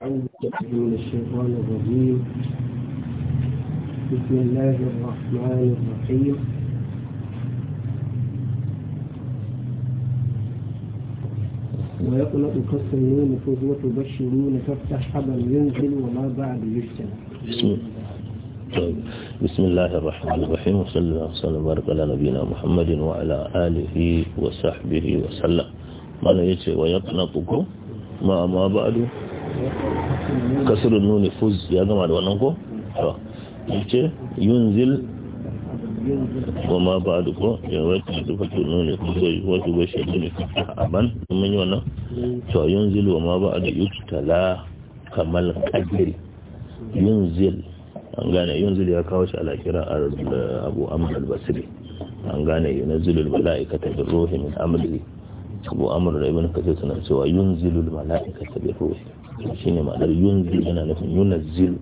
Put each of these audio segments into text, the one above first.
من الشيطان الرجيم بسم الله الرحمن الرحيم ويقنط كسر النون فوز وتبشرون تفتح حبل ينزل وما بعد يفتح بسم الله الرحمن الرحيم وصلى الله وسلم وبارك على نبينا محمد وعلى آله وصحبه وسلم ما لا يجي ويقنطكم ما ما بعد kasirin nuni fuz ya gama da wannan ko ce yunzil goma ba da ko ya wata da fatu nuni fuz wata ba shi nuni aban mun yi wannan to yunzil goma ba da yutala kamal kadiri yunzil an gane yunzil ya kawo shi ala kira eh, abu amr al-basri an gane yunzilul mala'ikata bir ruhi min amri abu amr da ibn kathir suna cewa yunzilul mala'ikata bir ruhi shine ma'anar yunzil yana nufin yunazzil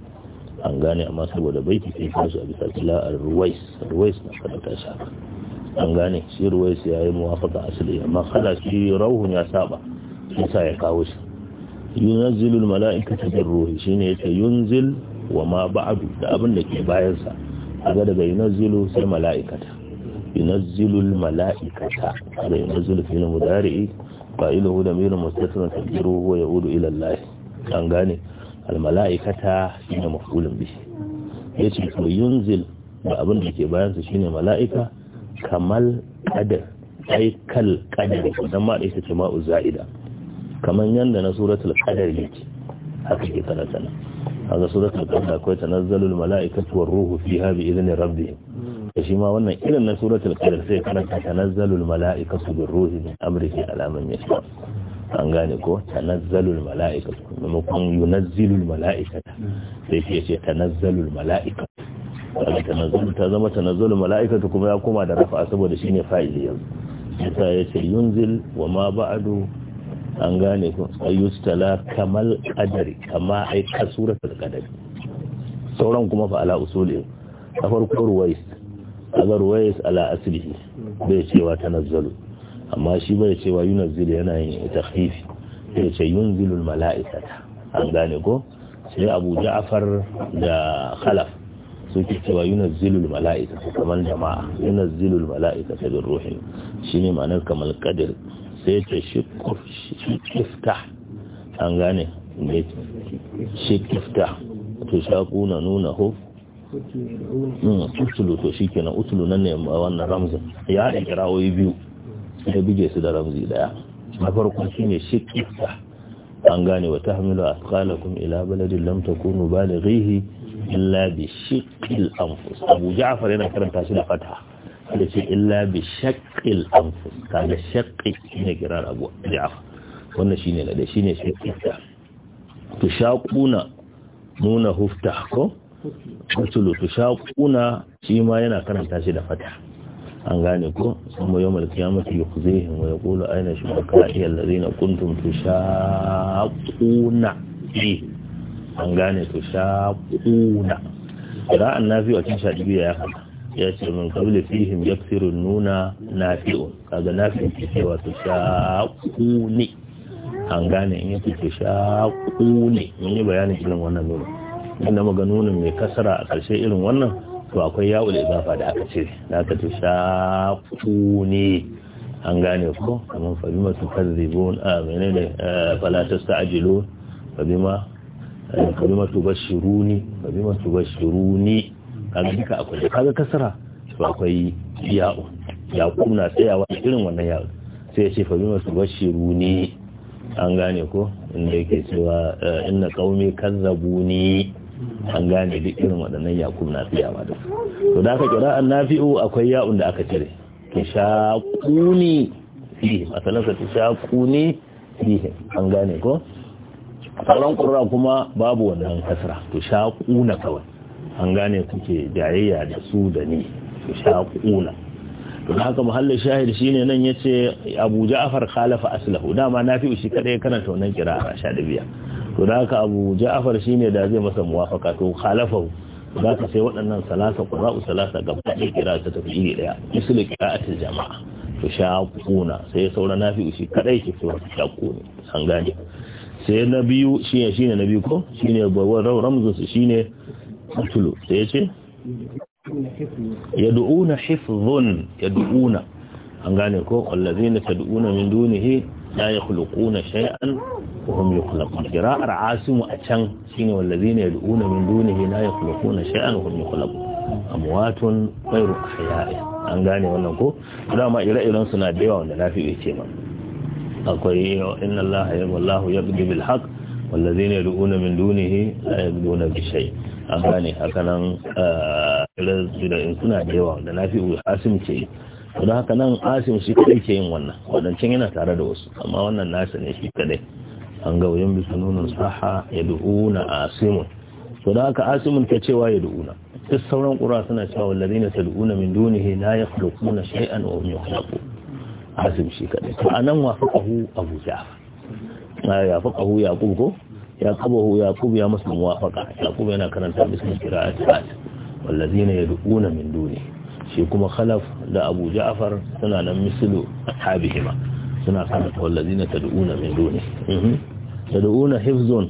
an gane amma saboda baiti sai kasu a bisa kila a ruwais ruwais na karanta shi haka an gane shi ruwais ya yi muwafaka asali amma kada shi rauhun ya saba shi ya kawo shi yunazzilul mala'ikatu bir ruhi ne yace yunzil wa ma ba'du da abin da ke bayan sa kaga daga yunazzilu sai mala'ikata yunazzilul mala'ikata da yunazzilu fi'il mudari'i fa'iluhu damirun mustatirun tadbiruhu wa yaudu ila Allah an gane almala'ikata shine mafulun bi yace to yunzil ba abin da ke bayan sa shine mala'ika kamal qadar ai kal qadar dan ma da ce ma'u uzaida, kaman yanda na suratul qadar yake haka ke karanta nan haka suratul qadar akwai tanazzalul mala'ikatu war ruhu fiha bi idni rabbihim da shi ma wannan irin na suratul qadar sai karanta tanazzalul mala'ikatu bir ruhi min amrihi alaman yasha an gane ko tanazzalul mala'ika maimakon yunazzilul mala'ika sai ke ce tanazzalul mala'ika tanazzul ta zama tanazzalul mala'ika kuma ya koma da rafa saboda shine fa'ili yanzu yasa yace yunzil wa ma ba'du an gane ko ayyustala kamal qadari kama ai ka suratul qadari sauran kuma fa ala usuli a farko ruwais a ala aslihi bai cewa tanazzalu amma shi bai cewa yunazzilu yana yin takhfifi sai ce yunzilul mala'ikata an gane ko sai Abu Ja'far da Khalaf suke cewa yunazzilul mala'ikata kamar jama'a yunazzilul mala'ikata bin ruhin shine ma'anar kamar qadir sai ta shikuf shikifta an gane ne shikifta to shaku na nuna hu hmm, utulu to shikenan utulu nan ne wannan ramzin ya da biyu ya bige su da ramzi daya na farko shine shi kissa an gane wa tahmilu asqalakum ila baladin lam takunu balighihi illa bi shiqqil anfus Abu Ja'far yana karanta shi da fata da ce illa bi shaqqil anfus kaga shaqqi ne kirar Abu Ja'far wannan shine da shine shaqqi to shaquna nuna hufta ko wato to shaquna shi ma yana karanta shi da fata an gane ko sun mai yawon kiyamata ya ku zai wa ya kula aina shi ba ka iya lare na kuntum to sha-kuna ne an gane to shaƙuna ra'an na fiye a cin shaɗi biya ya haka ya ce min kabila fihim ya firin nuna na fi'un kaga na fi ke cewa to kuni an gane in ya fi sha-kuni mun yi bayanin irin wannan nuna inda maga nunin mai kasara a ƙarshe irin wannan to akwai ya'ul idafa da aka ce da aka to shaqu ne an gane ko kamar fa bima tukadzibun a ah, ne menene eh, fala tasta'jilun fa bima eh, fa bima tubashiruni fa bima tubashiruni kaga duka akwai kaga kasara to akwai ya'u ya'u na tsayawa irin wannan ya'u sai ya ce fa bashiru tubashiruni an gane ko inda yake cewa eh, inna qaumi kazzabuni an gane duk irin waɗannan yakub na fiya ma duk to da aka kira an nafi'u akwai ya'un da aka cire tashaquni fihi masalan sa tashaquni fihi an gane ko sauran qurra kuma babu wannan kasra to shaquna kawai an gane kuke jayayya da su da ni to shaquna don haka muhallin shahid shine nan yace Abu Ja'far khalafa aslahu dama nafi'u shi kaɗai kana karanta wannan a sha dabiya to da haka abu ja'afar shine da zai masa muwafaka to khalafahu za ka sai waɗannan salasa ƙura'u salasa gaba ɗaya kira ta tafi iri ɗaya misali kira'atul jama'a to kuna sai ya saura nafi shi kaɗai ke fi wata shaƙo ne an gane sai na biyu shine shine na biyu ko shine bawa ramzun su shine atulu sai ya ce yad'una hifdhun yad'una an gane ko allazina tad'una min dunihi la yakhluquna shay'an wa hum yukhlaqun qira'ar asimu a can shine wallazina yad'una min dunihi la yakhluquna shay'an wa hum yukhlaqun amwatun ghayru ahya'i an gane wannan ko dama ire-iren suna da yawa wanda lafi bai ce ba akwai inna allaha ya wallahu yaqdi bil haqq wallazina yad'una min dunihi la yaqduna an gane hakanan suna hasim ce da haka nan asim shi kadai ke yin wannan wadancan yana tare da wasu amma wannan nasa ne shi kadai an ga wajen bisa nunin saha ya du'una asimun to da haka asimun ta cewa ya du'una duk sauran kura suna cewa wallazi na tad'una min dunihi la yakhluquna shay'an wa hum yakhluqun asim shi kadai to anan wa faqahu abu ja'far ya ya yaqub ko ya yaqub ya musu muwafaqa yaqub yana karanta bismi qira'ati wallazi na yad'una min dunihi ce kuma khalaf da abu ja'far suna nan misilu ashabihima suna wallazi na tad'una min duni mhm. tad'una hifzun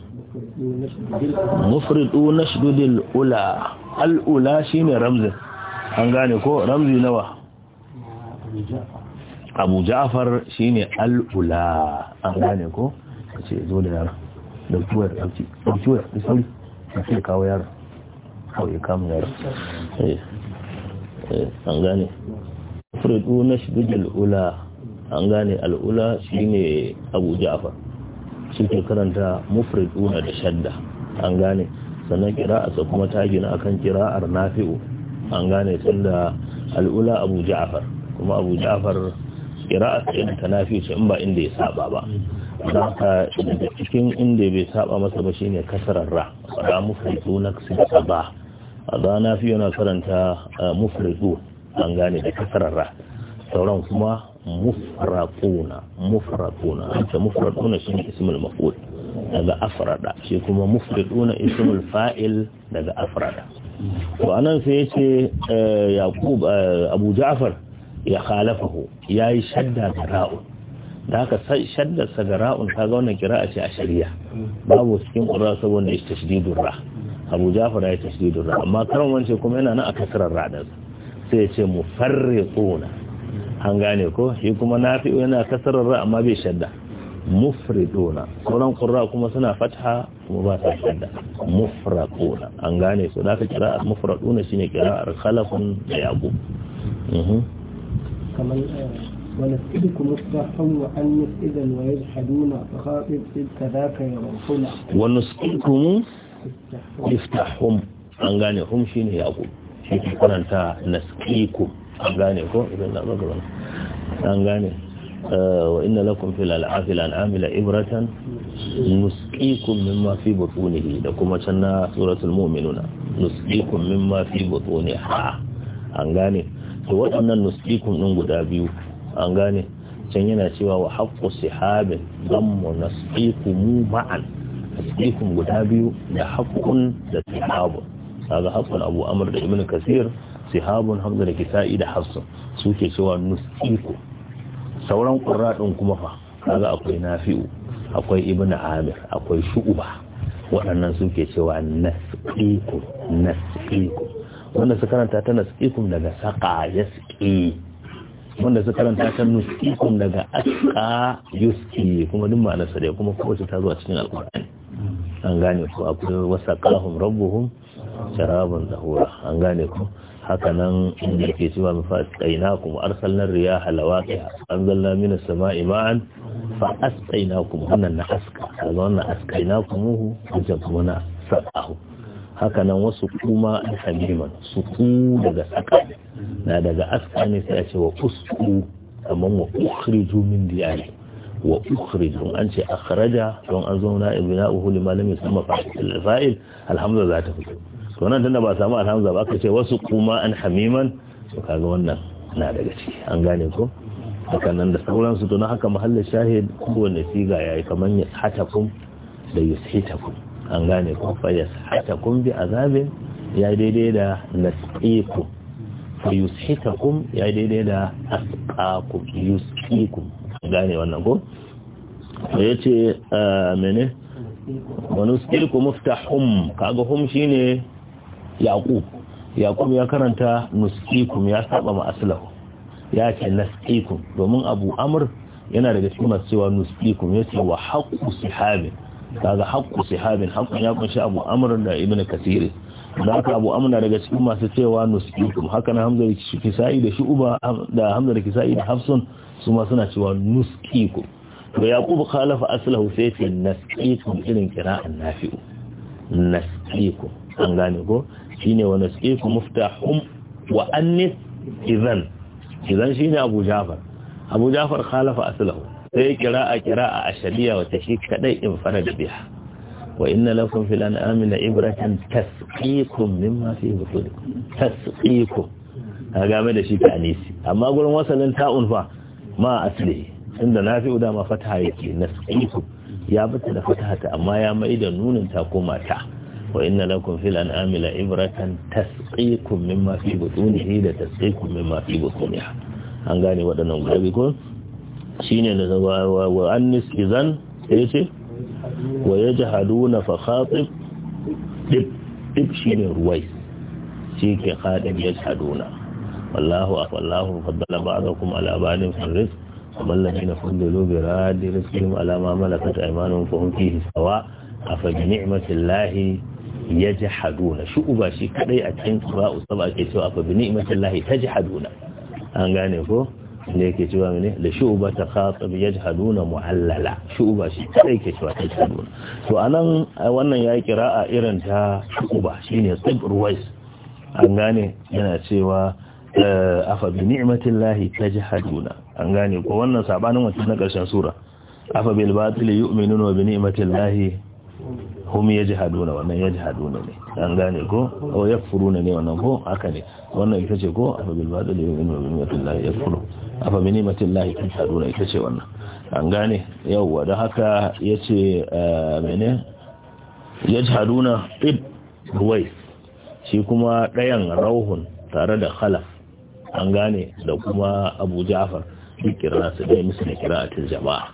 mufridu nashdudil ula al ula shine Ramzi. an gane ko ramzi nawa abu ja'far shine al ula an gane ko ce zo da yaro da tuwar dauki dauki da sauri sai kawo yaro kawai kama yaro eh. Eh, an gane furdu na shidujil ula an gane al'ula shi ne abu ja'far shi ke karanta mufriduna da shadda an gane sannan kira a kuma ta gina akan kira'ar nafi'u an gane tunda al'ula abu ja'far kuma abu ja'far a tsaye ta nafi'u ce in ba inda ya saba ba don ka cikin inda bai saba masa ba shine kasarar ra ga da mufriduna sun ba ba na fi yana karanta mufridu an gane da kasararra sauran kuma mufraquna mufraquna anta mufraquna shi ismul maf'ul daga afrada shi kuma mufriduna ismul fa'il daga afrada to anan sai yace e, yaqub e, abu ja'far ya khalafahu yayi shadda tara'un da haka shadda sagara'un ta ga wannan kira'a ce a shari'a babu cikin qur'a saboda istishdidun ra abu jafar ya tasdidu ra amma karan wance kuma yana nan a kasrar radan sai ya ce mu farre mufarriquna an gane ko shi kuma na nafi yana kasrar ra amma bai shadda mufriduna sauran qurra kuma suna fatha kuma ba sa shadda mufraquna an gane so da ka kira mufraquna shine kira'ar khalafun da yaqub mhm. kamar ونفئدكم الصحا وأن إذا ويجحدون فخاطب إذ كذاك يروحنا ونسقيكم iftahum an gane hum shine yaqub shi ke karanta naskikum an gane ko idan na maka wannan an gane eh, wa inna lakum fil al'afi al'ami ibratan nusqikum mimma fi butunihi da kuma can na suratul mu'minuna nusqikum mimma fi butuniha an gane to waɗannan nusqikum din guda biyu an gane can yana cewa wa haqqu sihabin dammu nasqikum ma'an hadithin guda biyu da haƙƙun da sihabun kaga haƙƙun abu amur da Ibn kasir sihabun hamza da kisa'i da hafsun suke cewa nusiku sauran ƙurra ɗin kuma fa kaga akwai nafi'u akwai Ibn amir akwai Shu'uba waɗannan suke cewa nasiku nasiku wanda su karanta ta nasikum daga saƙa yasqi wanda su karanta ta nusikum daga Aska yusqi kuma duk ma'anarsa dai kuma kowace ta zo a cikin alƙur'ani an gane ku akwai wasa kahun rabbuhum sharabun dahura an gane ku haka nan inda ke cewa mafa tsaina kuma na riya halawa an zalla mina sama ima'an fa asqaina kuma wannan na aska daga wannan asqaina kuma hu wajen kuma na saqahu haka nan wasu kuma an hamiman su ku daga saka na daga aska ne sai a ce wa usku kamar wa ukhriju min diyari wa ukhrij don an ce akhraja don an zo na ibna'uhu uhu lima yusamma fa'il fa'il alhamza za ta fito to nan tunda ba samu alhamza ba aka ce wasu kuma an hamiman to kaga wannan na daga ciki an gane ko hakan nan da sauransu to na haka mahallin shahid kowanne siga yayi kaman ya hatakum da yushitakum an gane ko fa kun bi azabin ya daidai da nasiku fa yushitakum ya daidai da asqakum yuskikum gane wannan ko ya ce ah, mene wani stilku muftahum kaga hum shine yaqub yaqub ya karanta nuskikum ya saba ma aslahu ya ce nuskikum domin abu amr yana daga cikin masu cewa nuskikum ya ce wa haqqu sihabin kaga haqqu sihabin haqqun ya kunshi abu amr da ibnu kasir da haka abu amr na daga cikin masu cewa nuskikum haka na hamza da kisai da shu'ba da hamza da kisai da hafsun su ma suna cewa nuskiku to yaqub khalafa aslahu sai ce naskiku irin kira kira'an nafi'u naskiku an gane ko shine wa naskiku muftahum wa annis idan idan shine abu jafar abu jafar khalafa aslahu sai kira a kira a ashaliya wa tashi kadai in farada biha wa inna lakum fil an'ami la ibratan tasqikum mimma fi butunikum tasqikum game da shi ta anisi amma gurin wasalin ta'un fa ma asli inda nafi'u dama fataha yake nasqiku ya bata da fatahata amma ya mai da nunin ta koma ta wa inna lakum fil an'ami la ibratan tasqikum mimma fi butunihi da tasqikum mimma fi butuniha an gane waɗannan guda ko shine da wa annis idan yace wa yajhaduna fa khatib dib dib shine ruwai shi ke khatib yajhaduna wallahu wallahu faddala ba'dakum ala ba'din fil rizq ومن فضلوا براد رزقهم على ما ملكت ايمانهم فهم فيه سواء أفبنعمة الله يجحدون shi uba shi kadai a cikin sura'u saba ke cewa fa bi ni'matillahi ko ne yake cewa ne da shu'uba ta khatab yajhaduna mu'allala shu'uba shi kadai ke cewa tajhaduna to anan wannan ya kira'a irin ta shu'uba shine tsib ruwais an gane yana cewa Eh, afa bi ni'matillahi tajhaduna an gane ko wannan sabanin wancan na karshen sura afa bil batili yu'minuna wa bi ni'matillahi hum yajhaduna wannan yajhaduna ne an gane ko aw yakfuruna ne wannan ko haka ne wannan ita ce ko afa bil batili yu'minuna wa bi ni'matillahi yakfuru afa bi ni'matillahi tajhaduna ita ce wannan an gane yawwa da haka yace eh, mene yajhaduna ib ruwai shi kuma dayan rauhun tare da khalaf an gane da kuma abu ja'far duk kira su dai musu da kira a jama'a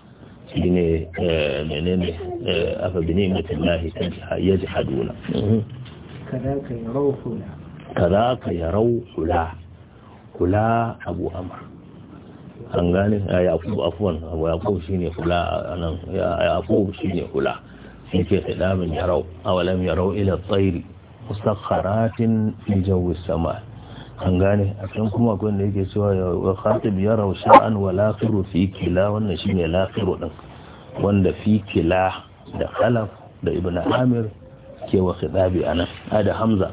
shi ne eh, menene eh, afa bi ne mutum lahi kan ya ji haduna mhm. kaza ka ya rau hula kula. abu amar an gane ah, ya yakubu afuwan abu yakubu shi ne kula? a nan ya yakubu shi ne kula. shi ke faɗa min yarau. A awalam ya ila tsairi musakharatin fi jawi sama an gane a can kuma akwai da yake cewa wa khatib ya rausha an wala firu fi kila wannan shine lafiru din wanda fi kila da khalaf da ibn amir ke wa khitabi anan a da hamza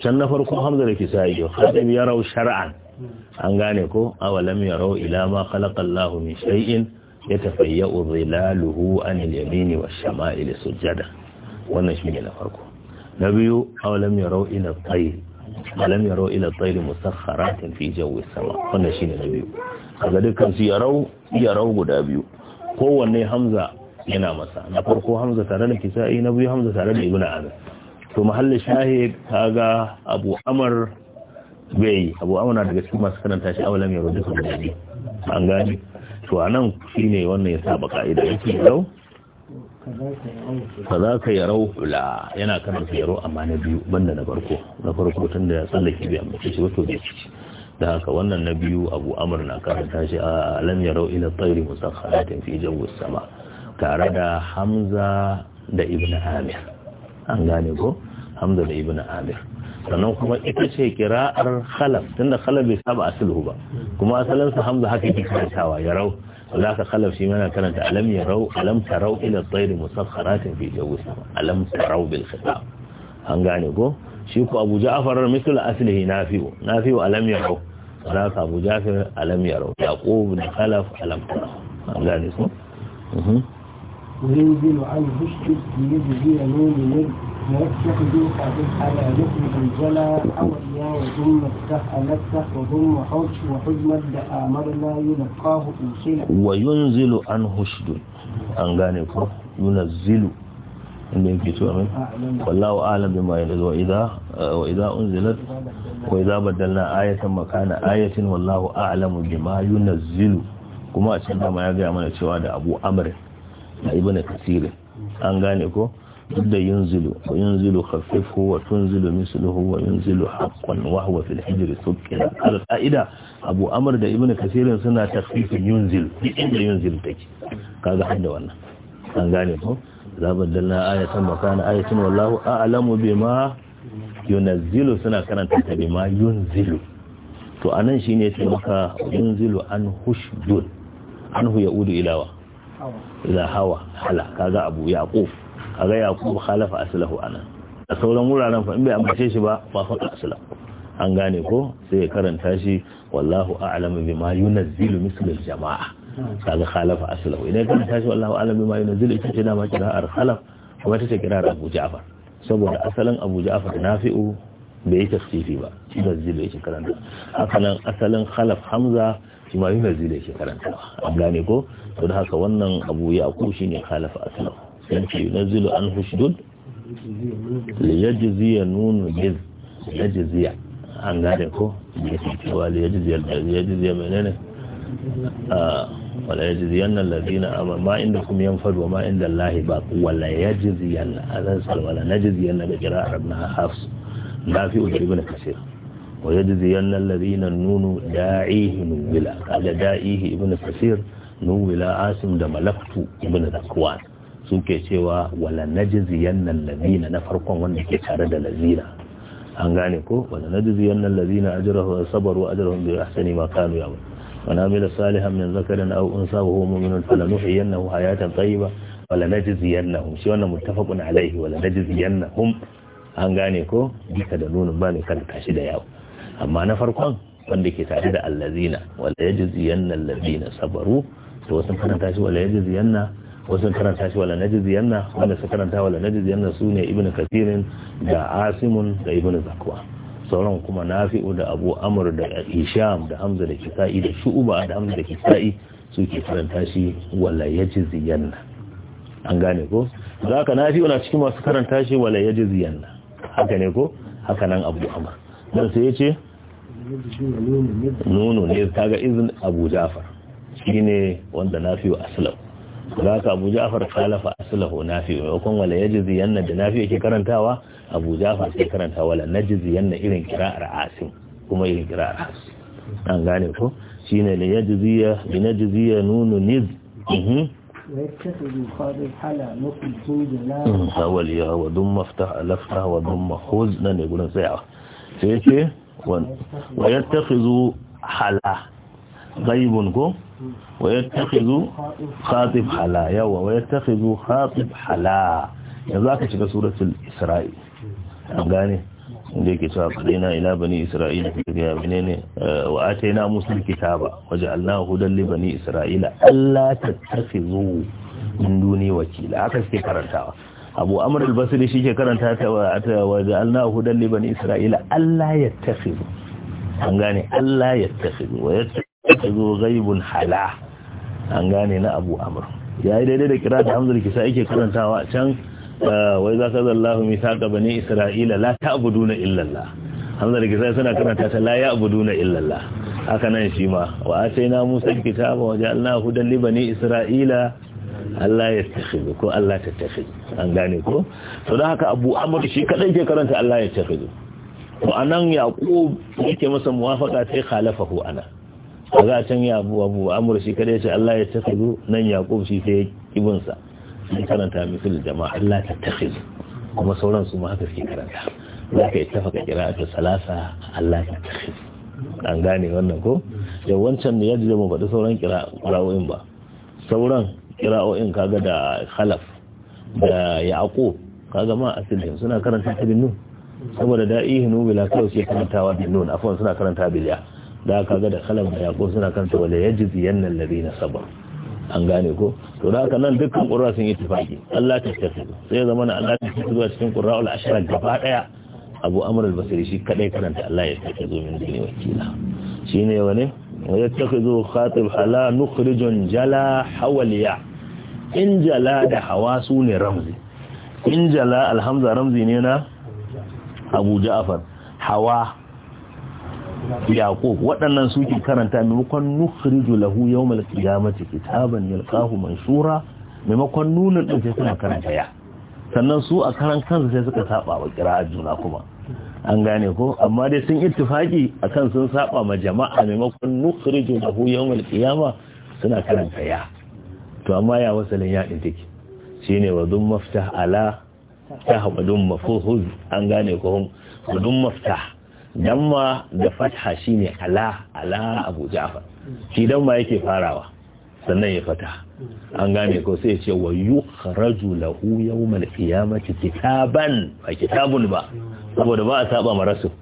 can na farko hamza da kisa'i wa khatib ya rau shar'an an gane ko awalam ya rau ila ma khalaqa Allahu min shay'in yatafayya'u dhilaluhu an al-yamin wa shamail sujada wannan shine na farko na biyu awalam ya rau ila tayr alam yarau ila musakar musakharatin fi jawi sama wannan ne na biyu kaga dukkan su yarau yarau guda biyu kowanne hamza yana masa na farko hamza tare da kisa'i na biyu hamza tare da ibnu ana to mahallin shahid kaga abu amr bai abu amr daga cikin masu karanta shi awalam yaro dukkan guda biyu an gani to anan shine wannan ya saba ka'ida yake yau? fa ka yarau la yana karanta yarau amma na biyu banda na farko na farko tun da ya tsallake bai amma shi wato bai ciki da haka wannan na biyu abu amur na karanta shi a lam yarau ila tsairi musakharatin fi jawi sama tare da hamza da ibn amir an gane ko hamza da ibn amir sannan kuma ita ce kira'ar khalaf tunda khalaf bai saba asulhu ba kuma asalinsa hamza haka yake ya yarau ولذلك خلف سيمانا كانت ألم يروا ألم تروا إلى الطير مسخرات في جو السماء ألم تروا بالخطاب هنقاني قو شيكو أبو جعفر مثل أسله نافيو نافيو ألم يروا ولذلك أبو جعفر ألم يروا بن خلف ألم تروا هنقاني قو وينزل عن بشتر يجزي نون نجزي ويتخذ قبل على لقمة الجلى أو وضم وضم حج وحجم وينزل ينزل inda yake so amin wallahu a'lam bima yanzu wa idza wa idza unzilat wa idza badalna ayatan makana ayatin wallahu a'lamu bima kuma a can dama ya gaya mana cewa da Abu Amr Ibn Kathir an gane ko duk da yunzilu ko yunzilu khaffifu wa tunzilu misluhu wa yunzilu haqqan wa huwa fil hijr sukkina al qaida abu amr da ibnu kasirin suna takfifin yunzil duk inda yunzil take kaga hadda wannan an gane ko zaban dalla ayatan makana ayatin wallahu a'lamu bima yunazzilu suna karanta ta bima yunzilu to anan shine sai maka yunzilu an hushdun anhu yaudu ilawa ila hawa hala kaga abu yaqub. kaga yakubu khalafa aslahu ana a sauran wuraren fa in bai amince shi ba fa fa asla an gane ko sai ya karanta shi wallahu a'lamu bima yunazzilu mislul jama'a kaga khalafa aslahu idan ka karanta shi wallahu a'lamu bima yunzilu ita ce kira ar khalaf kuma ita ce kira Abu Ja'far saboda asalin Abu Ja'far nafi'u bai yi tafsiri ba yunazzilu yake karanta haka nan asalin khalaf hamza shi ma ya yake karanta an gane ko to da haka wannan abu ya ku shine khalafa aslahu yanke yunazzilu an hushdud liyajziya nunu biz liyajziya an gane ko ya ce cewa liyajziya liyajziya menene a wala yajziyan allazina amma ma inda kum yanfad wa ma inda allahi ba wala yajziyan azan salwala najziyan da qira'ar na hafs nafi ibn kasir wa yajziyan allazina nunu da'ihin wila kaga da'ihi ibn kasir bila asim da malaktu ibn zakwan suke cewa wala najziyan allazina na farkon wanda ke tare da lazina an gane ko wala najziyan allazina ajrahu sabaru ajrahum bi ahsani ma kanu ya'mal wa amila salihan min zakarin aw unsa wa huwa mu'minun falanuhyiyannahu hayatan tayyiba wala hum shi wannan muttafaqun alaihi wala hum an gane ko duka da nunin ba ne kan tashi da yawo amma na farkon wanda ke tare da allazina wala yajziyanna allazina sabaru to wasu kan tashi wala yajziyanna wasu karanta shi wala najiz yanna wanda su karanta wala najiz yanna su ne ibn kasirin da asimun da ibn zakwa sauran kuma nafi'u da abu amur da isham da hamza da kisa'i da shu'uba da hamza da kisa'i suke karanta shi wala yajiz yanna an gane ko za ka nafi'u na cikin masu karanta shi wala yajiz yanna haka ne ko haka nan abu amur dan sai yace nono ne kaga izin abu jafar shine wanda nafi'u aslam za ka abu ja'far khalafa aslahu nafi maimakon wala yajzi yanna da nafi yake karantawa abu ja'far sai karanta wala najzi yanna irin kira'ar asim kuma irin kira'ar asim an gane ko shine la ya bi ya nunu niz ويتخذ خاض الحلا نقل زوج لا حواليها وضم افتح لفتح وضم خذ نن يقولون ساعة tafi zu hala غيب كو ويتخذ خاطب حلا يوا ويتخذ خاطب حلا yanzu aka shiga suratul isra'i an gane inda yake cewa ila bani isra'ila ya menene wa ataina musul kitaba waja'alnahu hudan li bani isra'ila alla tattakhizu min duni wakila haka suke karantawa abu amr al-basri shi ke karanta ta ta zo gaibun hala an gane na abu amur ya yi daidai da kira da hamzar kisa ake karantawa a can ah, wai za ka zallahu mai saƙa bane isra'ila la ta abu na illallah hamzar kisa suna karanta ta la ya abu na illallah haka nan shi ma wa a sai na musa kitaba waje allah hudan li bane isra'ila allah ya tafi ko allah ta tafi an gane ko to da haka abu amur shi kaɗai ke karanta allah ya tafi ko anan yaƙo yake masa muwafaka sai khalafahu ana a za a can ya abu abu amur shi kada ya ce Allah ya tafizu nan yaƙub shi sai ƙibinsa. sai karanta da jama'a Allah ta tafizu kuma sauran su ma haka suke karanta za ka ittafaka qira'atu salasa Allah ta tafizu an gane wannan ko da wancan da yaji mu faɗi sauran qira'o'in ba sauran qira'o'in kaga da khalaf da yaqub kaga ma asilin suna karanta ta bin nun saboda da'ihinu bila kawai suke karantawa bin nun afwan suna karanta biliya da ka ga da kalan yaƙo suna kanta wale ya ji biyan na sabar an gane ko to da haka nan dukkan ƙura sun yi tufaki Allah ta tafi sai ya zama na Allah ta tafi zuwa cikin ƙura ul ashara gaba daya abu amr al basri shi kadai karanta Allah ya tafi zo min dini wakila shine wane wa zo khatib hala nukhrijun jala hawaliya in jala da hawa su ne ramzi in jala alhamza ramzi ne na abu ja'far hawa yaqub waɗannan suke karanta maimakon nukhriju lahu yawmal qiyamati kitaban yalqahu mansura maimakon nuna din sai suna karanta ya sannan su a karan kansu sai suka saba wa qira'a juna kuma an gane ko amma dai sun ittifaki akan sun saba ma jama'a maimakon nukhriju lahu yawmal qiyama suna karanta ya to amma ya wasalin ya din take shine wa dum maftah ala ta haɓa mafuhuz an gane ko dum maftah damma da fatha shine ala ala abu ja'far shi damma yake farawa sannan ya fata an gane ko sai ce wa yukhraju lahu al qiyamati kitaban ba kitabun ba saboda ba a saba ma rasul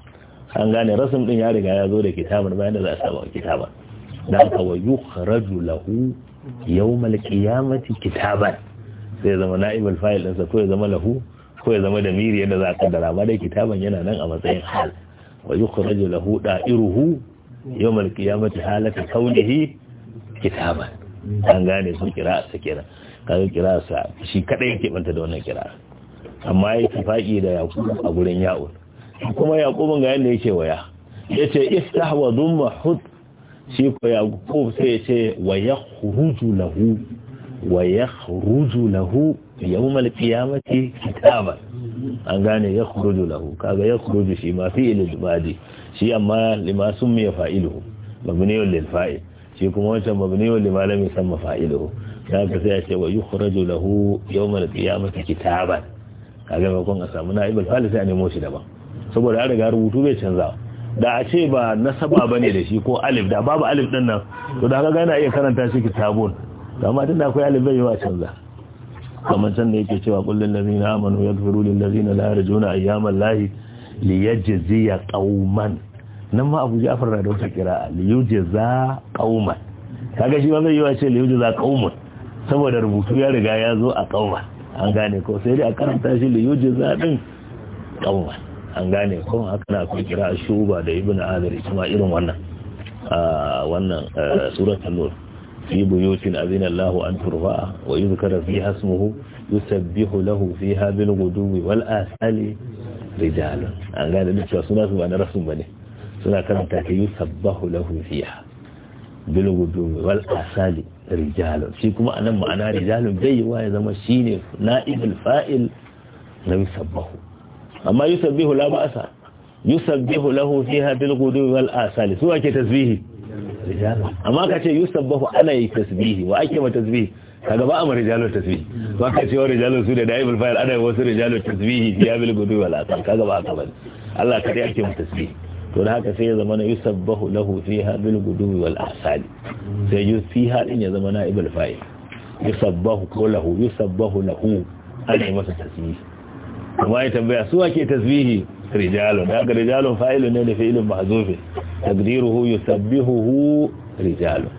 an gane rasul din ya riga ya zo da kitabun ba yanda za a saba kitaban dan ka wa yukhraju lahu al qiyamati kitaban sai zama al fa'il din sa ko ya zama lahu ko ya zama da miri za a kaddara ba dai kitaban yana nan a matsayin hal wa yukhraju lahu da'iruhu yawmal qiyamati halata kaunihi kitaba an gane su kira sa kenan kaga kira sa shi kadai yake banta da wannan kira amma yayi tafaki da yaqub a gurin ya'ul kuma yaqubun ga yanda yake waya yace istahwa dhumma hud shi ko yaqub sai yace wa yakhruju lahu wa yakhruju lahu yawmal qiyamati kitaban an gane ya kurudu lahu kaga ya kurudu shi ma fi ilil badi shi amma lima sun mai fa'iluhu mabniyun lil fa'il shi kuma wancan mabniyun lima lam yusamma fa'iluhu ka sai ya ce wa yukhraju lahu yawmal qiyamati kitaban kaga ba kun a samu na'ibul fa'il sai a nemo shi daban saboda an riga rubutu bai canza da a ce ba nasaba bane da shi ko alif da babu alif din nan to da kaga yana iya karanta shi kitabun amma tunda akwai alif bai yi wa canza kamar can da yake cewa lafi na amanu lafi na ladina la a ayyamal lahi liyajziya qauman nan ma Abu Ja'far na da wata kira'a liyujza qauman Ta shi ba zai yi wa ce liyujza qaumun saboda rubutu ya riga ya zo a qauman an gane ko sai dai a karanta shi liyujza din qauman an gane ko haka na akwai kira shuba da Ibn Azir kuma irin wannan wannan eh, suratul nur في بيوت أذن الله أن ترفع ويذكر فيها اسمه يسبح له فيها بالغدو والآسال رجالا أن قال لك سنة وأنا رسم بني سنة كانت يسبح له فيها بالغدو والآسال رجالا فيكم أنا معنا رجال جي وإذا ما شيني نائب الفائل لا يسبح أما يسبح لا بأس يسبح له فيها بالغدو والآسال سوى كتسبيحي rijalu amma ka ce bafu ana yi tasbihi wa ake ma tasbihi ka gaba amma rijalu tasbihi Ba ka ce wa rijalu su da daibul fa'il ana yi wasu rijalu tasbihi ya bil gudu wa asar ka gaba haka bani. Allah ka dai ake ma tasbihi to da haka sai ya zama na bafu lahu ha bil gudu wa asali sai fi ha din ya zama na ibul yusuf bafu ko lahu yusabbahu lahu ana yi masa tasbihi kuma ya tambaya su ake tasbihi rijalun daga rijalun fa'ilu ne da fi'ilun mahzufi taqdiruhu yusabbihuhu rijalun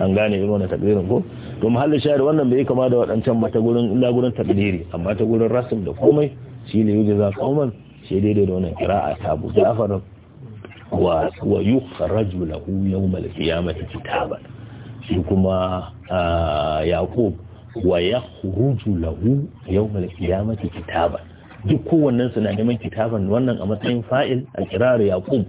an gane irin wannan taqdirin ko to mahalli shahid wannan bai kama da wadancan ba ta gurin illa gurin taqdiri amma ta gurin rasim da komai shi shine za kauman shi daidai da wannan qira'a ta bu Ja'far wa wa yukhraju lahu yawm al-qiyamati kitaban shi kuma ah, yaqub wa yakhruju lahu yawm al-qiyamati kitaban duk kowannen su na neman kitaban wannan a matsayin fa'il al-qirar yaqub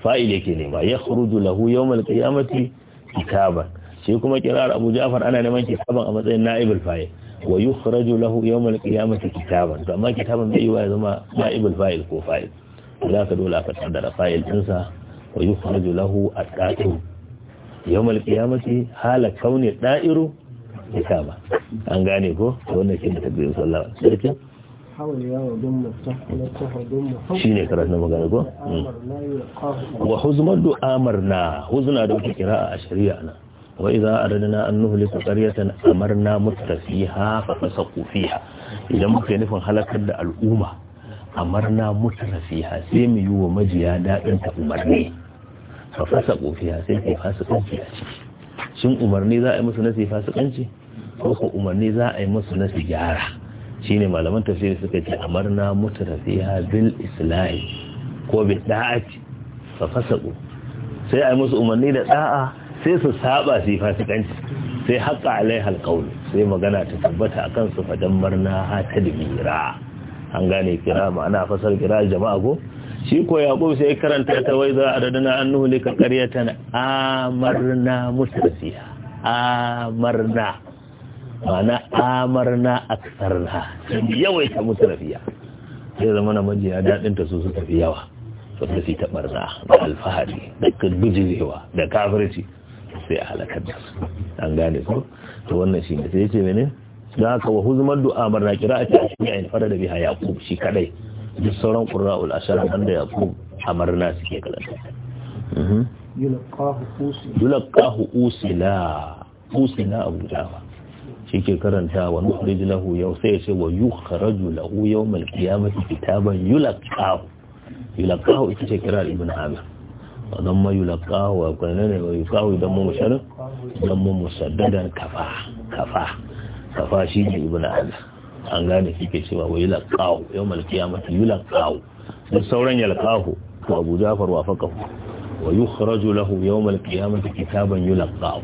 fa'il yake nema ya khuruju lahu yawm al-qiyamati kitaban sai kuma kirar Abu Ja'far ana neman kitaban a matsayin na'ibul fa'il wa yukhraju lahu yawm al-qiyamati kitaban to amma kitaban bai yi wa zama na'ibul fa'il ko fa'il za ka dole aka kaddara fa'il dinsa wa yukhraju lahu at-ta'ir yawm al-qiyamati hala kauni da'iru kitaba an gane ko wannan shi da tabbiyin sallallahu alaihi wasallam shine karatun magana ko hmm. wa huzmar du'amar na huzna da wata kira a shari'a na wa idza aradna an nuhlika na amarna mutrafiha fa fasaqu fiha idan muka nufin halakar da al'umma amarna mutrafiha sai mu yi wa majiya ta umarni fa sai ku a ciki shin umarni za a yi musu nasi ko umarni za a yi musu nasi gyara shine malaman tafsiri suka ce amarna rafiya bil islahi ko bi da'ati fa fasaqu sai ai musu umarni da da'a sai su saba su fasikanci sai haqa hal alqaul sai magana ta tabbata akan su fa marna ha tadbira an gane kira ma'ana fasar kira jama'a ko shi ko yaqub sai karanta ta wai za adadana annuhu lika qaryatan amarna rafiya amarna ma'ana amarna aksarna yawaita musu rafiya sai zama na majiya daɗin ta su suka fi yawa wanda su ta barna da alfahari da gujirewa da kafirci sai a halakar da su an gane su to wannan shi ne sai ce mene da aka wa huzumar du'a marna kira a cikin yin fara da biha ku shi kadai duk sauran ul ashara an da yaqub amarna suke kalanta mhm. yulqahu usila yulqahu usila usila abu jawa shi ke karanta wa nukhrij lahu yau sai ya ce wa yukhraju lahu yawmal qiyamati kitaban yulaqahu yulaqahu ita ce kirar ibn amir wannan ma yulaqahu wa kana ne wa yulaqahu idan mu musharin idan mu musaddadan kafa kafa kafa shi ne ibn amir an gane shi ke cewa wa yulaqahu yawmal qiyamati yulaqahu duk sauran yulaqahu to abu jafar wa faqahu wa yukhraju lahu yawmal qiyamati kitaban yulaqahu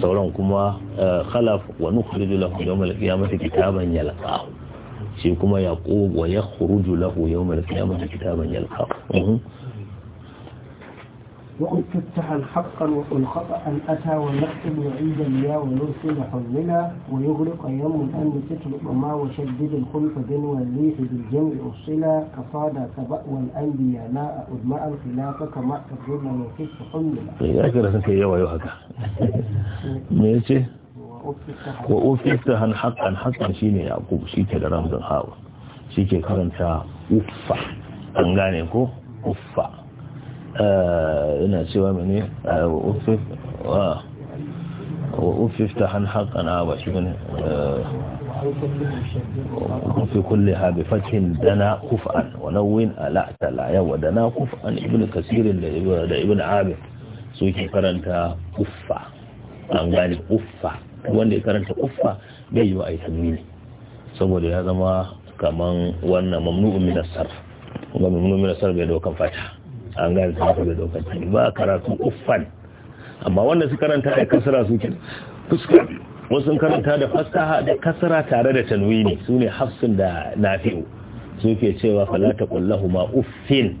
sauran kuma eh, khalaf wa nukhriju lahu al qiyamati kitaban yalqahu shi kuma yaqub wa yakhruju lahu al qiyamati kitaban yalqahu mhm. وأن تفتحا حقا وأن خطأ أتى ونكتب وعيد اليا ونرسل حظنا ويغرق يوم الأمن ستر ما وشدد الخلف بن والليث بالجمع أصلا كصاد كبأوى الأنبياء لا أدماء الخلافة كما تقول من كف حملا. يا كرة كي يوا يوا ماشي وأفتحا حقا حقا شيني يعقوب شيكي رمز الهاوى شيكي كرنتا أفا أنغاني كو أفا ina cewa mene wa ufi ta hannun haƙana ba shi ne ufi kulle ha bi fashin dana kufan wani win ala'atala yawa dana kufan ibn kasirin da ibn abin su ke karanta kufa an gani kufa wanda ya karanta kufa bai yi wa aitan saboda ya zama kamar wannan mamnu'un minasar kuma mamnu'un minasar bai dokan fata an gane sun da dokar ta ba karatu uffan amma wanda su karanta da kasara ke fuska wasu karanta da fasaha da kasara tare da tanwini su ne hafsun da nafi'u ke cewa falata kullahu ma uffin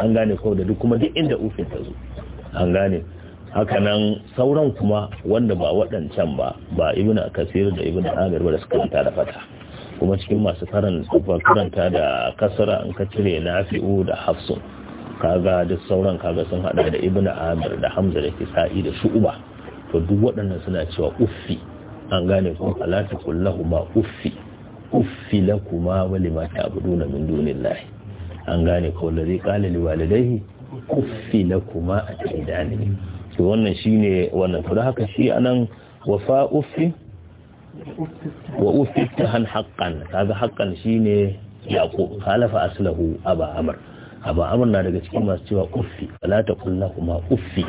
an gane ko da duk kuma duk inda uffin ta zo an gane hakanan sauran kuma wanda ba waɗancan ba ba ibn kasir da ibn amir ba da suka karanta da fata kuma cikin masu karanta da kasara an ka cire nafi'u da hafsun kaga duk sauran kaga sun hada da ibnu amir da hamza da kisa'i da shu'ba to duk waɗannan suna cewa uffi an gane ko alatu kullahu ma uffi uffi lakuma wa lima ta'buduna min dunillahi an gane ko allazi qala liwalidayhi uffi lakuma atidani to wannan shine wannan to haka shi anan wafa uffi wa uffi tahan haqqan kaga haqqan shine yaqub khalafa aslahu aba amr aba amr na daga cikin masu cewa uffi wala taqul kuma uffi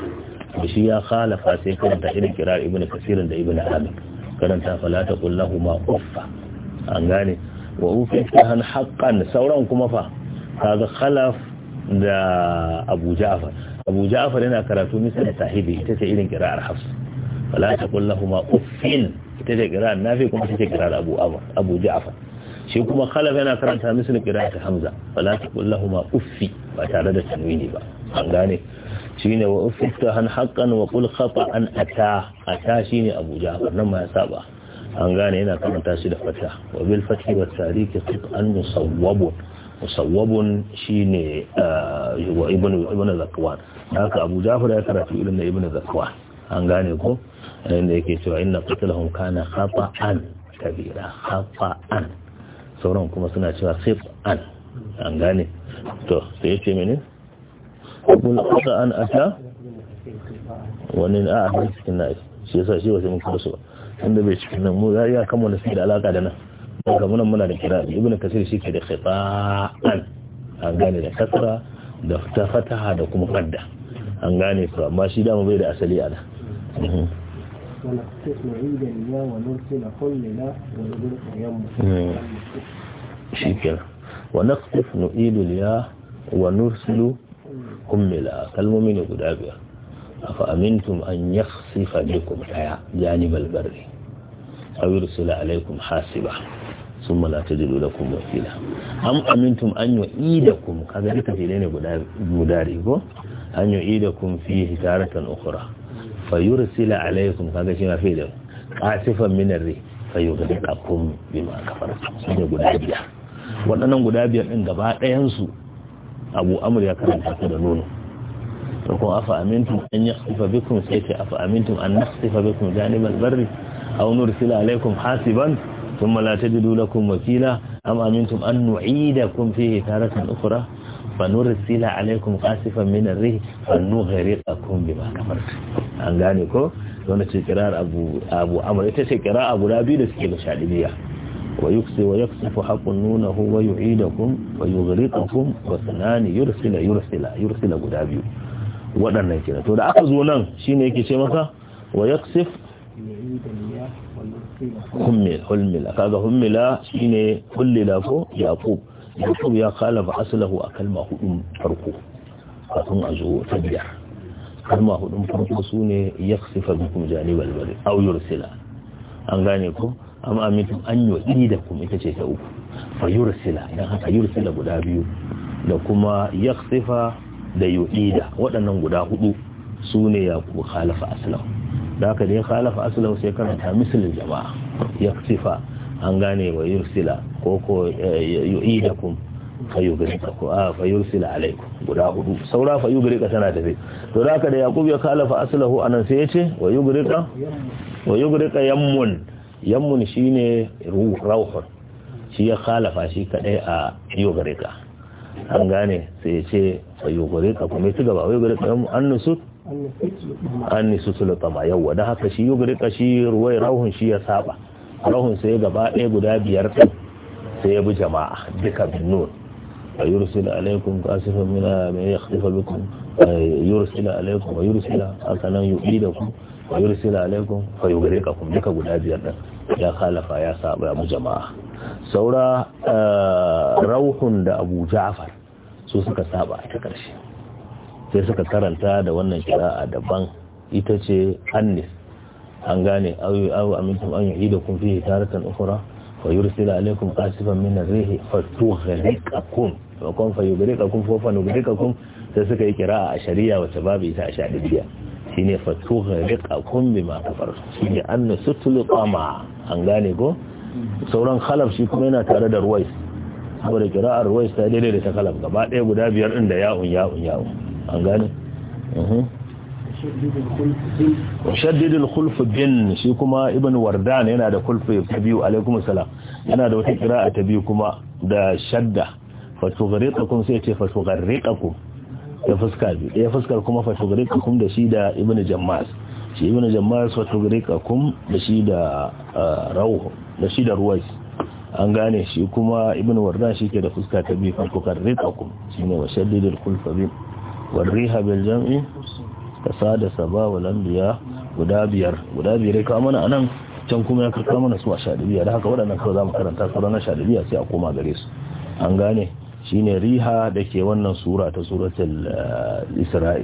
ba shi ya khalafa sai karanta irin kirar Ibn kasir da Ibn Amin. karanta ta taqul kuma uffa an gane wa uffi han haƙƙan sauran kuma fa kaga khalaf da abu ja'far abu ja'far yana karatu misali sahibi ita ce irin kirar hafs ta taqul kuma uffin ita ce kirar nafi kuma ita ce kirar abu abu ja'far shi kuma khalaf yana karanta misali qira'atu hamza fala taqul ma uffi ba tare da tanwini ba an gane shine wa uffita han haqqan wa qul khata'an ata ata shine abu ja'far nan ma ya saba an gane yana karanta shi da fata wa bil fathi wa tariki qit'an musawwabun musawwabun shine eh, wa ibn ibn zakwan haka abu ja'far ya karatu irin na ibn zakwan an gane ko inda yake cewa inna qatlahum kana khata'an kabira khata'an sauran kuma suna cewa sif an an gane to sai ya ce mene abun kusa an ata wani a a cikin na shi yasa shi wasu mun kuma su ba inda bai cikin nan mu ya kama wani su da alaka da nan don ka munan muna da kira ibn kasir shi ke da khifa'an an gane da kasara da fataha da kuma fadda an gane su amma shi dama bai da asali a nan mhm. ونقصص عيدا يا ونرسل حلنا ونبرق يمه شكرا ونقصف نعيد اليا ونرسل حملا كالمؤمن قدابيا أفأمنتم أن يخسف بكم الحياة جانب البر أو يرسل عليكم حاسبا ثم لا تجدوا لكم وكيلا أم أمنتم أن يعيدكم هذا لك في لين مداري أن يعيدكم فيه تارة أخرى fa yursila alaikum kaga shi ma fi'ilin qasifan min ar-rih fa yughriqakum bima kafartum sune guda biyar waɗannan guda biyar din gaba ɗayan su Abu Amr ya karanta su da nono to ko afa amintum an yaqsifa bikum sai ta afa amintum an naqsifa bikum janibal barri aw nursila alaikum hasiban ثم لا تجدوا لكم وكيلا أم أمنتم أن نعيدكم فيه تارة أخرى sila alaikum qasifan min gari rih fanughriqakum ba kamar an gane ko wanda ce kirar abu abu amr ita ce kira abu rabi da suke da shadiliya wa yuksi wa yaksifu haqqun nunahu wa yu'idukum wa yughriqukum wa sanani yursila yursila yursila guda biyu waɗannan kira to da aka zo nan ne yake ce maka wa yaksif hummila kaga hummila shine hullila ko yaƙub yaqub ya kala ba asalahu a kalma hudun farko kafin a zo ta biyar kalma hudun farko su ne ya sifa bikum jani balbali auyar sila an gane ku amma amintum an yi da kuma ita ce ta uku fa sila dan haka sila guda biyu da kuma ya sifa da yu'ida waɗannan guda hudu su ne kala khalafa asalahu da aka da ya khalafa asalahu sai karanta misalin jama'a ya sifa an gane wa yursila ko ko eh, yu'idakum fayugrika ko a ah, fayursila alaikum guda hudu saura fayugrika tana tafi to da haka da yaqub ya fa aslahu anan sai yace wa yugrika wa yugrika yammun yammun shine rauhun shi ya kalafa shi kadai a yugrika an gane sai yace fayugrika kuma ci gaba yugrika yammun annusut an nisu sulatama yawwa da haka shi yugrika shi ruwai rauhun shi ya saba rahun sai gaba ɗaya guda biyar ɗin sai ya bi jama'a duka bin nun يرسل عليكم gare ka duka guda biyar ɗin ya khalafa ya saba ya bi jama'a saura eh, rauhun da Abu ja'afar su suka saba ta ƙarshe. sai suka karanta da wannan kira'a daban ita ce Annis an gane aw amintum an kun fihi taratan ukhra fa yursila alaykum qasifan min ar fa tughriqakum wa kun fa yughriqakum fa fa nughriqakum sai suka yi kira a shari'a wata babu ita a shadidiya shine tughriqakum bima kafar shine an qama an gane ko sauran khalaf shi kuma yana tare da ruwais saboda kira'ar ruwais ta daidai da ta khalaf gaba ɗaya guda biyar ɗin da ya'un ya'un ya'un an gane mhm. washaddidul bin shi kuma ibn wardan yana da khulfu ta biyu alaikum salam yana da wata qira'a ta biyu kuma da shadda fatughriqakum sai ce fatughriqakum da fuska biyu da fuskar kuma fatughriqakum da shi da ibn jammas shi ibn jammas fatughriqakum da shi da rauh da shi da ruwais an gane shi kuma ibn wardan shi ke da fuska ta biyu fatughriqakum shine wa washaddidul khulfu bin warriha bil jam'i kasa da saba wa lambiya guda biyar guda biyar ka mana anan can kuma ya karka mana su a shadibiya da haka waɗannan kawai za mu karanta su ranar shadibiya sai a koma gare su an gane shine riha da ke wannan sura ta suratul eh, isra'i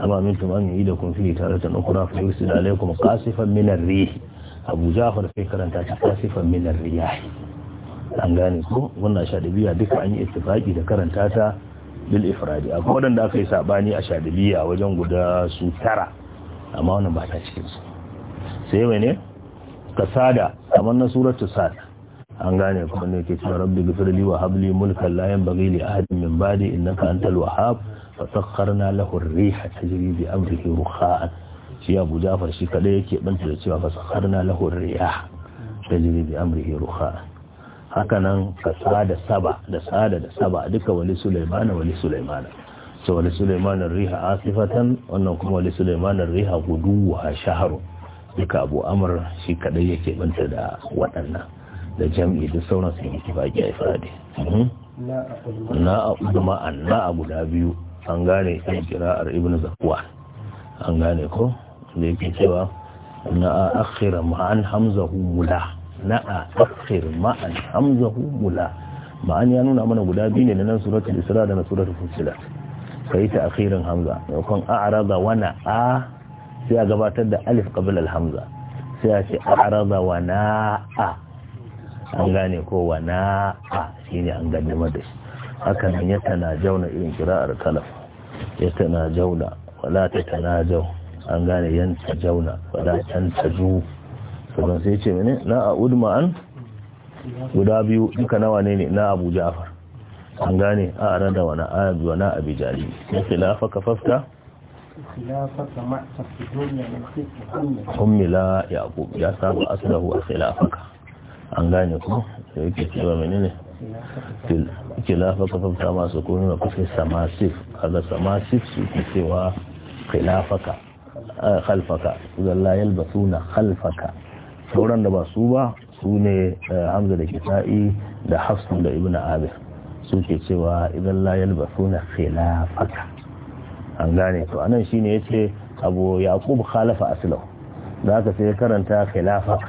amma min an yi da kun fi tare da nukura fa yusi da alaikum kasifan minar rih abu jafar sai karanta ta kasifan minar riyah an gane ko wannan shadibiya duka an yi ittifaki da karanta ta bil ifradi akwai waɗanda aka yi saɓani a shadiliya wajen guda su tara amma wannan ba ta cikin su sai mai ne kasada kamar na suratu sada an gane kuma ne ke cewa rabbi gifirli wa habli mulkan la yanbaghi li ahadin min ba'di innaka antal wahhab fa sakharna lahu ar-riha tajri bi amrihi rukha'an shi Abu Ja'far shi kadai yake banta da cewa fa sakharna lahu ar-riha tajri bi amrihi rukha'an hakanan ka da saba da sada da saba duka wani sulaimana wani sulaimana so wani sulaimana riha asifatan wannan kuma wani sulaimana riha guduwa shaharu duka abu amur shi kadai yake banta da waɗannan da jam'i duk sauran su yi baki a ifradi mhm. na a ma'an na a guda biyu an gane kan kira'ar ibn zakuwa an gane ko da yake cewa na a akhira ma'an hamza mula na a akhir ma'an hamzahu mula ma'an ya nuna mana guda biyu ne na nan suratul isra da na suratul fusilat kai ta akhirin hamza yakon a'rada wa na a sai a gabatar da alif qabla al hamza sai a ce a'rada wa na a an gane ko wa na a shine an gaddama da shi haka nan ya tana jauna irin kira'ar kalaf ya tana jauna wala ta tana jau an gane yanta jauna wala tan taju sannan sai ce mene na a'ud an guda biyu duka nawa ne ne na abu ja'far an gane a ran da wani aya biyu na abi jali na khilafa ka fafta ummila yaqub ya sabu aslahu a khilafaka an gane ku sai yake cewa ne khilafa ka fafta masu kuma na kusa samasif kaga samasif su ke cewa khilafaka khalfaka zalla yalbasuna khalfaka sauran da ba su ba su ne eh, hamza da kisa'i da hafsun da ibn abir su ke cewa idan la fela khilafaka an gane to anan ya ce abu yaqub khalafa Asilau da ka sai karanta khilafaka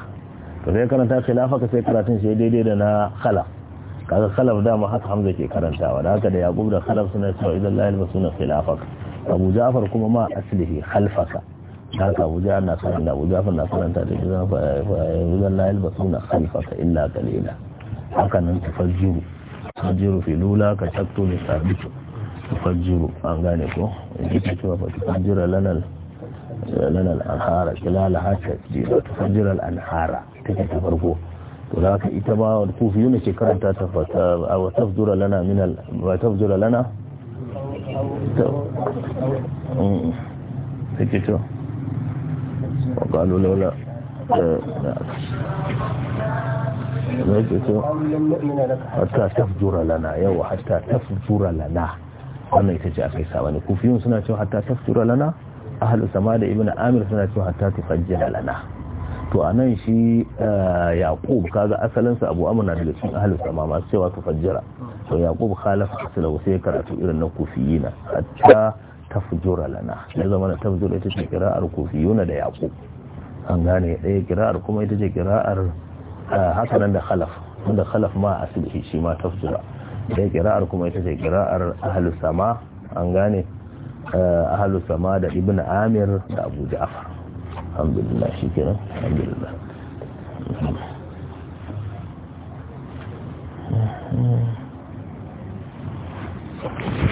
to sai karanta khilafaka sai karatun shi daidai da na khalaf kaga khalaf dama haka hamza ke karantawa da haka da yaqub da khalaf suna cewa idan la yalbasuna khilafaka abu ja'far kuma ma aslihi khalfaka haka abu jahar na karanta abu jafar na karanta da jizan fa'ayyuzan layil ba suna khalfaka illa kalila haka nan tafajjiru filula ka takto da sabitu tafajjiru an gane ko ita cewa fa tafajjira lanal lanal kilala to da haka ita ba kufiyu ne ke karanta ta fata wa lana lana mm, وقالوا لولا hatta tafjura lana yawa hatta tafjura lana wannan ita ce akai sabani kufiyun suna cewa hatta tafjura lana ahlus sama da ibnu amir suna cewa hatta tufajjira lana to anan shi yaqub kaga asalin sa abu amr na daga cikin ahlus sama masu cewa to karatu irin na kufiyina hatta tafjura lana ya zama na tafjura ita ce kira'ar kofi yuna da yaƙo an gane ɗaya kira'ar kuma ita ce kira'ar hakanan da khalaf wanda khalaf ma a asibiti shi ma tafjura ɗaya kira'ar kuma ita ce kira'ar ahalu sama an gane ahalu sama da ibn amir da abu ja'far alhamdulillah shi kenan alhamdulillah mm